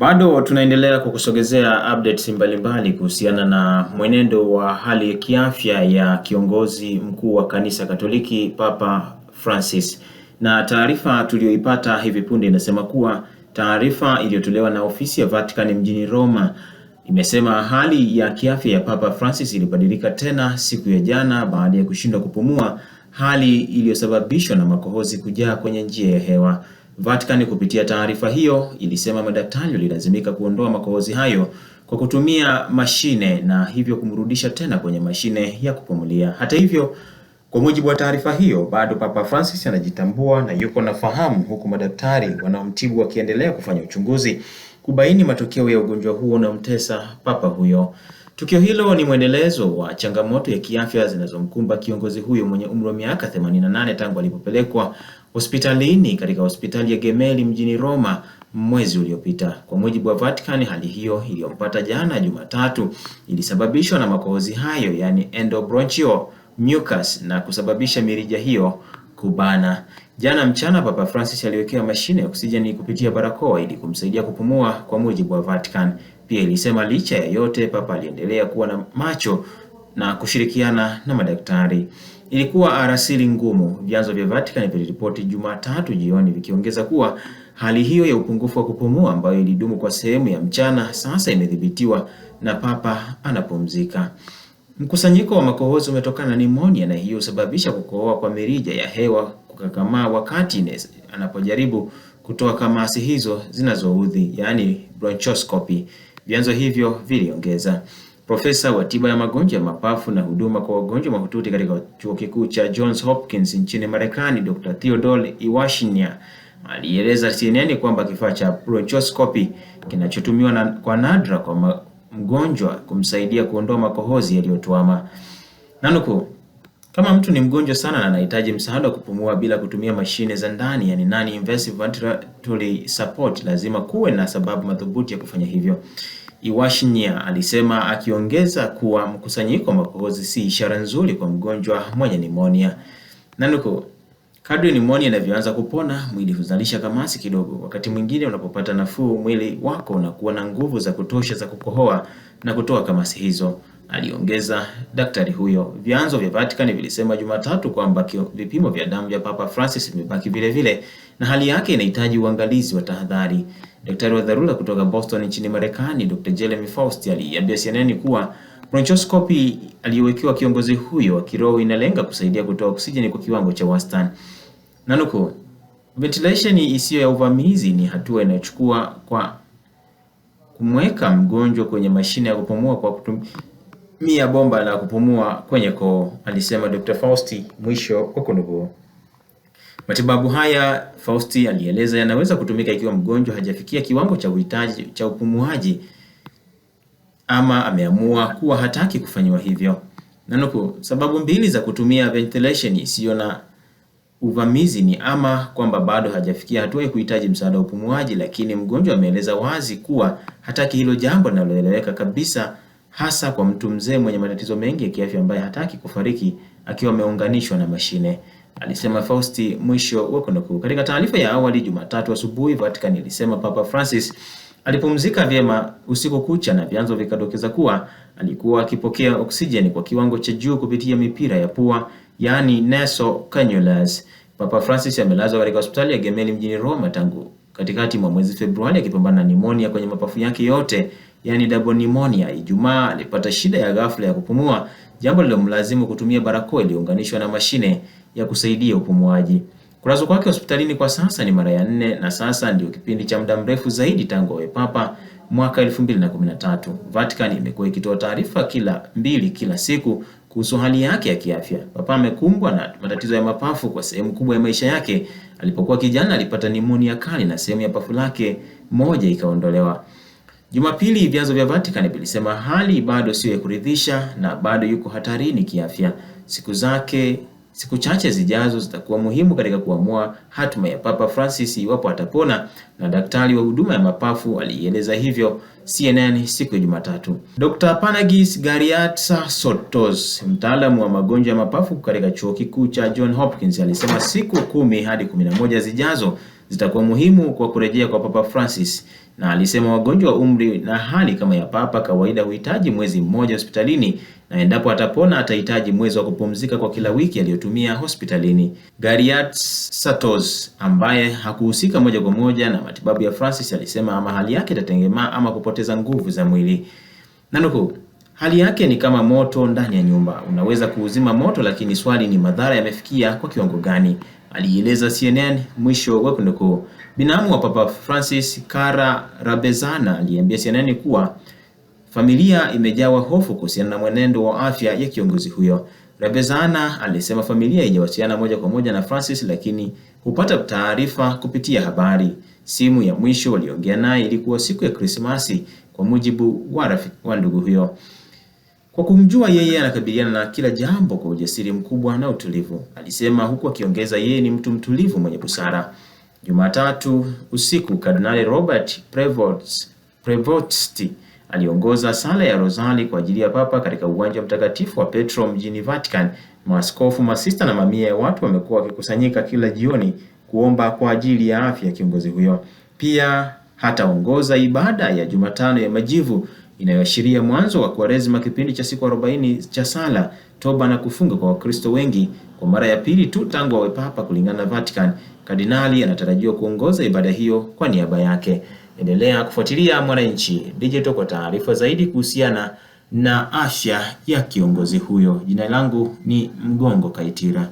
Bado tunaendelea kukusogezea updates mbalimbali kuhusiana na mwenendo wa hali ya kiafya ya kiongozi mkuu wa Kanisa Katoliki Papa Francis. Na taarifa tuliyoipata hivi punde inasema kuwa taarifa iliyotolewa na ofisi ya Vatican mjini Roma imesema hali ya kiafya ya Papa Francis ilibadilika tena siku ya jana baada ya kushindwa kupumua, hali iliyosababishwa na makohozi kujaa kwenye njia ya hewa. Vatican kupitia taarifa hiyo ilisema madaktari walilazimika kuondoa makohozi hayo kwa kutumia mashine na hivyo kumrudisha tena kwenye mashine ya kupumulia. Hata hivyo, kwa mujibu wa taarifa hiyo, bado Papa Francis anajitambua na yuko na fahamu, huku madaktari wanaomtibu wakiendelea kufanya uchunguzi kubaini matokeo ya ugonjwa huo unaomtesa Papa huyo. Tukio hilo ni mwendelezo wa changamoto ya kiafya zinazomkumba kiongozi huyo mwenye umri wa miaka 88 tangu alipopelekwa hospitalini katika hospitali ya Gemelli mjini Roma mwezi uliopita. Kwa mujibu wa Vatican, hali hiyo iliyompata jana Jumatatu ilisababishwa na makohozi hayo, yani endobronchial mucus, na kusababisha mirija hiyo kubana. Jana mchana Papa Francis aliwekewa mashine ya oksijeni kupitia barakoa ili kumsaidia kupumua, kwa mujibu wa Vatican. Pia ilisema licha ya yote, Papa aliendelea kuwa na macho na kushirikiana na madaktari. Ilikuwa arasili ngumu, vyanzo vya Vatican viliripoti Jumatatu jioni vikiongeza kuwa hali hiyo ya upungufu wa kupumua ambayo ilidumu kwa sehemu ya mchana sasa imedhibitiwa na Papa anapumzika. Mkusanyiko wa makohozi umetokana na nimonia na hiyo husababisha kukohoa kwa mirija ya hewa kukakamaa wakati anapojaribu kutoa kamasi hizo zinazoudhi, yaani bronchoscopy, vyanzo hivyo viliongeza profesa wa tiba ya magonjwa ya mapafu na huduma kwa wagonjwa mahututi katika chuo kikuu cha Johns Hopkins nchini Marekani, Dr. Theodore Iwashinya alieleza CNN kwamba kifaa cha bronchoscopy kinachotumiwa na, kwa nadra kwa mgonjwa kumsaidia kuondoa makohozi yaliyotuama. Nanuku, kama mtu ni mgonjwa sana na anahitaji msaada wa kupumua bila kutumia mashine za ndani, yani non invasive ventilatory support, lazima kuwe na sababu madhubuti ya kufanya hivyo. Iwashinia alisema akiongeza kuwa mkusanyiko wa makohozi si ishara nzuri kwa mgonjwa mwenye nimonia. Nanuku, kadri nimonia inavyoanza kupona, mwili huzalisha kamasi kidogo. Wakati mwingine unapopata nafuu, mwili wako unakuwa na nguvu za kutosha za kukohoa na kutoa kamasi hizo, aliongeza daktari huyo. Vyanzo vya Vatican vilisema Jumatatu kwamba vipimo vya damu vya Papa Francis vimebaki vile vile na hali yake inahitaji uangalizi wa tahadhari. Daktari wa dharura kutoka Boston nchini Marekani, Dr. Jeremy Faust aliambia CNN kuwa bronchoscopy aliyowekewa kiongozi huyo wa kiroho inalenga kusaidia kutoa oksijeni kwa kiwango cha wastani. Nanuku, ventilation isiyo ya uvamizi ni hatua inayochukua kwa kumweka mgonjwa kwenye mashine ya kupumua kwa kutumia bomba la kupumua kwenye koo, alisema Dr. Fausti, mwisho wa kunukuu. Matibabu haya, Fausti alieleza, yanaweza kutumika ikiwa mgonjwa hajafikia kiwango cha uhitaji cha upumuaji ama ameamua kuwa hataki kufanyiwa hivyo. Nanuku, sababu mbili za kutumia ventilation isiyo na uvamizi ni ama kwamba bado hajafikia hatua ya kuhitaji msaada wa upumuaji, lakini mgonjwa ameeleza wazi kuwa hataki hilo, jambo linaloeleweka kabisa, hasa kwa mtu mzee mwenye matatizo mengi ya kiafya ambaye hataki kufariki akiwa ameunganishwa na mashine alisema Fausti mwisho wa kunukuu. Katika taarifa ya awali Jumatatu asubuhi, Vatican ilisema Papa Francis alipumzika vyema usiku kucha na vyanzo vikadokeza kuwa alikuwa akipokea oksijeni kwa kiwango cha juu kupitia mipira ya pua, yaani nasal cannulas. Papa Francis amelazwa katika hospitali ya Gemelli mjini Roma tangu katikati mwa mwezi Februari akipambana na nimonia kwenye mapafu yake yote yani double pneumonia. Ijumaa alipata shida ya ghafla ya kupumua, jambo lilomlazimu kutumia barakoa iliyounganishwa na mashine ya kusaidia upumuaji. Kulazwa kwake hospitalini kwa sasa ni mara ya nne na sasa ndio kipindi cha muda mrefu zaidi tangu awe papa mwaka 2013. Vatican imekuwa ikitoa taarifa kila mbili kila siku kuhusu hali yake ya kiafya. Papa amekumbwa na matatizo ya mapafu kwa sehemu kubwa ya maisha yake. Alipokuwa kijana alipata nimonia kali na sehemu ya pafu lake moja ikaondolewa. Jumapili vyanzo vya Vatican vilisema hali bado sio ya kuridhisha na bado yuko hatarini kiafya. Siku zake siku chache zijazo zitakuwa muhimu katika kuamua hatima ya Papa Francis iwapo atapona, na daktari wa huduma ya mapafu alieleza hivyo CNN siku ya Jumatatu. Dr. Panagis Gariatsa Sotos, mtaalamu wa magonjwa ya mapafu katika chuo kikuu cha John Hopkins, alisema siku kumi hadi 11 zijazo zitakuwa muhimu kwa kurejea kwa Papa Francis na alisema wagonjwa wa umri na hali kama ya papa kawaida huhitaji mwezi mmoja hospitalini na endapo atapona atahitaji mwezi wa kupumzika kwa kila wiki aliyotumia hospitalini. Gariat Satos ambaye hakuhusika moja kwa moja na matibabu ya Francis alisema ama hali yake itatengemaa ama kupoteza nguvu za mwili. Nanuku, hali yake ni kama moto ndani ya nyumba, unaweza kuuzima moto, lakini swali ni madhara yamefikia kwa kiwango gani, alieleza CNN mwisho wa kunukuu. Binamu wa Papa Francis, Kara Rabezana, aliambia CNN kuwa familia imejawa hofu kuhusiana na mwenendo wa afya ya kiongozi huyo. Rabezana alisema familia haijawasiliana moja kwa moja na Francis, lakini hupata taarifa kupitia habari. Simu ya mwisho waliongea naye ilikuwa siku ya Krismasi, kwa mujibu wa rafiki wa ndugu huyo. Kwa kumjua yeye anakabiliana na kila jambo kwa ujasiri mkubwa na utulivu, alisema huku akiongeza, yeye ni mtu mtulivu mwenye busara. Jumatatu usiku Kardinali Robert Prevost aliongoza sala ya Rozali kwa ajili ya Papa katika uwanja mtakatifu wa Petro mjini Vatican. Maaskofu, masista na mamia ya watu wamekuwa wakikusanyika kila jioni kuomba kwa ajili ya afya ya kiongozi huyo. Pia hataongoza ibada ya Jumatano ya Majivu inayoashiria mwanzo wa Kwaresma, kipindi cha siku 40 cha sala, toba na kufunga kwa Wakristo wengi kwa mara ya pili tu tangu awe papa, kulingana na Vatican. Kardinali anatarajiwa kuongoza ibada hiyo kwa niaba yake. Endelea kufuatilia Mwananchi Digital kwa taarifa zaidi kuhusiana na afya ya kiongozi huyo. Jina langu ni Mgongo Kaitira.